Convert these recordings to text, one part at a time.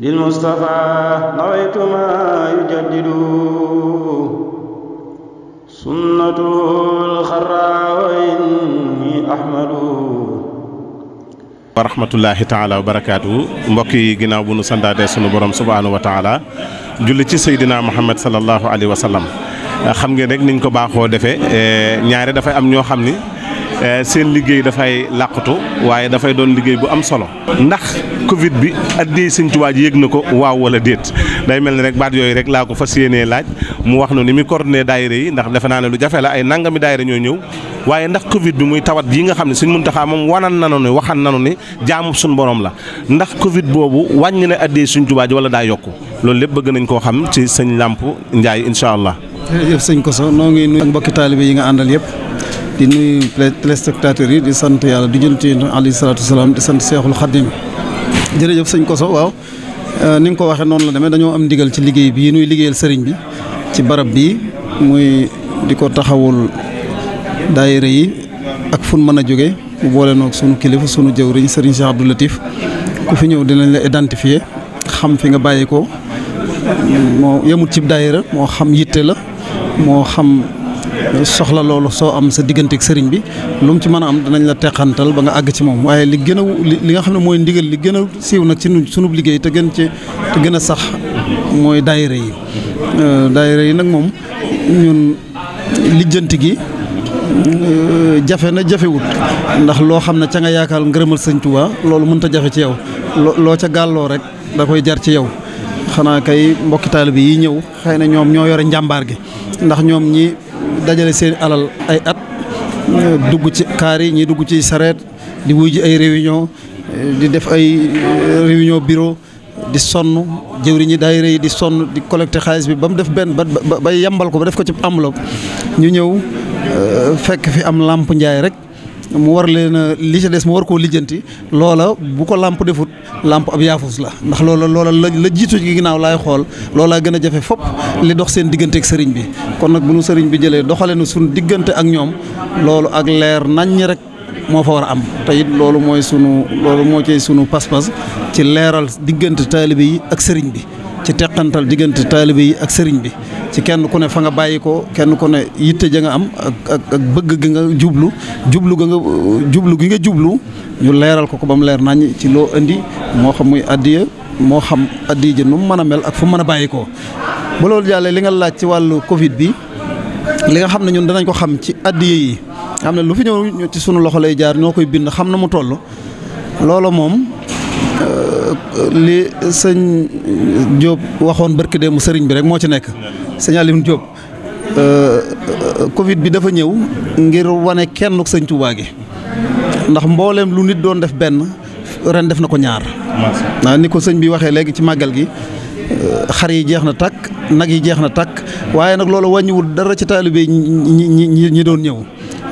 للمصطفى نويت ما يجدد سنته الخرى وإني أحمد wa rahmatullahi taala wa barakaatu mbokk yi ginnaaw bu nu sandaatee sunu borom subhaanahu wa taala julli ci seydina muhammad sallallahu alayhi wa sallam xam ngeen rek niñ ko baaxoo defee eh, ñaari dafay am ñoo xam ni Eh, seen liggéey dafay làqatu waaye dafay doon liggéey bu am solo ndax Covid bi addee Sëñ Tuubaa ji yëg na ko waaw wala déet day mel ni rek baat yooyu rek laa ko fa yéenee laaj mu wax nu ni muy coordonné daayira yi ndax defe naa ne lu jafe la ay nangami daayira ñoo ñëw waaye ndax Covid bi muy tawat yi nga xam ne mun Muntaxaa moom wanan nanu ni waxan nanu ni jaamu suñ borom la ndax Covid boobu wàññi na addee Sëñ Tuubaa ji wala daa yokku loolu lépp bëgg nañ koo xam ci sëñ Làmp Njaay incha allah. jërëjëf sëñ Koso noo ngi nuyu ak yi nga àndal yëpp di nuyu téléspectateurs yi di sant yàlla di jënt yi alayhi salaatu salaam di sant Seexul Xaddim jërëjëf sëñ Koso waaw euh, ni nga ko waxee noonu la demee dañoo am ndigal ci liggéey bii nuy liggéeyal sëriñ bi ci barab bii muy di ko taxawul dayre yi ak fun mën a jóge mu boole noog sunu kilifa sunu jëwriñ sëriñ Cheikh Abdou Latif ku fi ñëw dinañ la identifier xam fi nga bàyyi ko moo yemut cib daayira moo xam yitte la moo xam soxla loolu soo am sa digganteeg sëriñ bi lu mu ci mën a am danañ la teqantal ba nga àgg ci moom waaye li gën a li nga xam ne mooy ndigal li gëna siiw nag ci sunub liggéey te gën ci gën a sax mooy daayira yi euh, daayira yi nag moom ñun lijjanti gi euh, jafe na jafewut ndax loo xam ne ca nga yaakaar ngërëmal sëñ Tuubaa loolu mënut a jafe ci yow loo ca gàlloo rek da koy jar ci yow xanaa kay mbokki taalibe yi ñëw xëy na ñoom ñoo yore njàmbaar gi ndax ñoom ñi dajale seen alal ay at dugg ci kaar yi ñi dugg ci sareet di wuy ji ay réunion di def ay euh, réunion bureau di sonn jëwri ñi daayira yi di sonn di collecté xaalis bi ba mu def benn ba ba yambal ko ba def ko ci enveloppe ñu ñëw euh, fekk fi am làmp njaay rek mu war leen a li ci des mu war koo lijjanti loola bu ko làmp defut làmp ab yaafus la ndax loola loola la la jiitu ci ginnaaw laay xool loola gën a jafe fop li dox seen diggante ak sëriñ bi kon nag bu nu sëriñ bi jëlee doxale nu suñu diggante ak ñoom loolu ak leer naññ rek moo fa war a am te loolu mooy sunu loolu moo ci sunu pas-pas ci leeral diggante taalibe yi ak sëriñ bi ci teqantal diggante taalibe yi ak sëriñ bi ci kenn ku ne fa nga bàyyi ko kenn ku ne yitte ja nga am ak ak bëgg gi nga jublu jublu gi nga jublu gi nga jublu ñu leeral ko ko ba mu leer naññ ci loo indi moo xam muy addiya moo xam addiya ji nu mu mën a mel ak fu mu mën a bàyyi ko bu loolu jàllee li nga laaj ci wàllu Covid bi li nga xam ne ñun danañ ko xam ci addiya yi xam ne lu fi ñëw ci sunu loxo lay jaar ñoo koy bind xam na mu toll looloo moom Euh, li sëñ Diop waxoon barki mu sëriñ bi rek moo ci nekk sëñ Alioune Diop euh, euh, Covid bi dafa ñëw ngir wane kenn ku sëñ Touba gi ndax mbooleem lu nit doon def benn ren def na ko ñaar. naa ni ko sëñ bi waxee léegi ci màggal gi xar yi jeex na takk nag yi jeex na takk waaye nag loolu wàññiwul dara ci taalibe ñi ñi ñi doon ñëw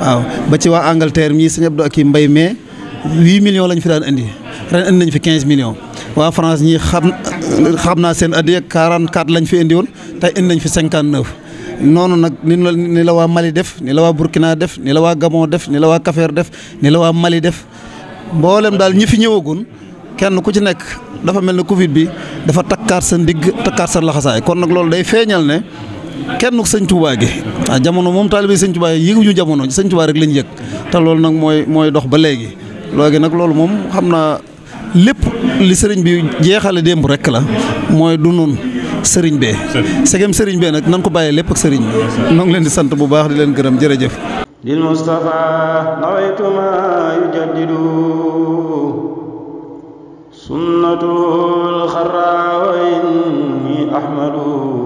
waaw ba ci waa Angleterre mii sëñ Abdou ak i mbay mee huit millions lañu fi daan indi. ren indi nañ fi 15 millions waa France ñi xam xam naa seen addiya 44 lañ fi indi woon te indi nañ fi 59. noonu nag ni la ni la waa Mali def ni la waa Burkina def ni la waa Gabon def ni la waa Kafeer def ni la waa Mali def mboolem daal ñi fi ñëwagun kenn ku ci nekk dafa mel ne Covid bi dafa takkaat sa ndigg takkaat sa laxasaay kon nag loolu day feeñal ne. kenn ku sëñ Touba gi waa jamono moom taalibe sëñ Touba yi yëguñu jamono sëñ Touba rek lañ te loolu nag mooy mooy dox ba léegi nag loolu moom xam naa lépp li sëriñ bi jeexale démb rek la mooy du nun sëriñ bee segem sëriñ bee nag nan ko bàyyee lépp ak sëriñ bi noo ngi leen di sant bu baax di leen gërëm jërëjëf lil mustafa nawaytu ma yujaddidu sunnatul xarraa ahmadu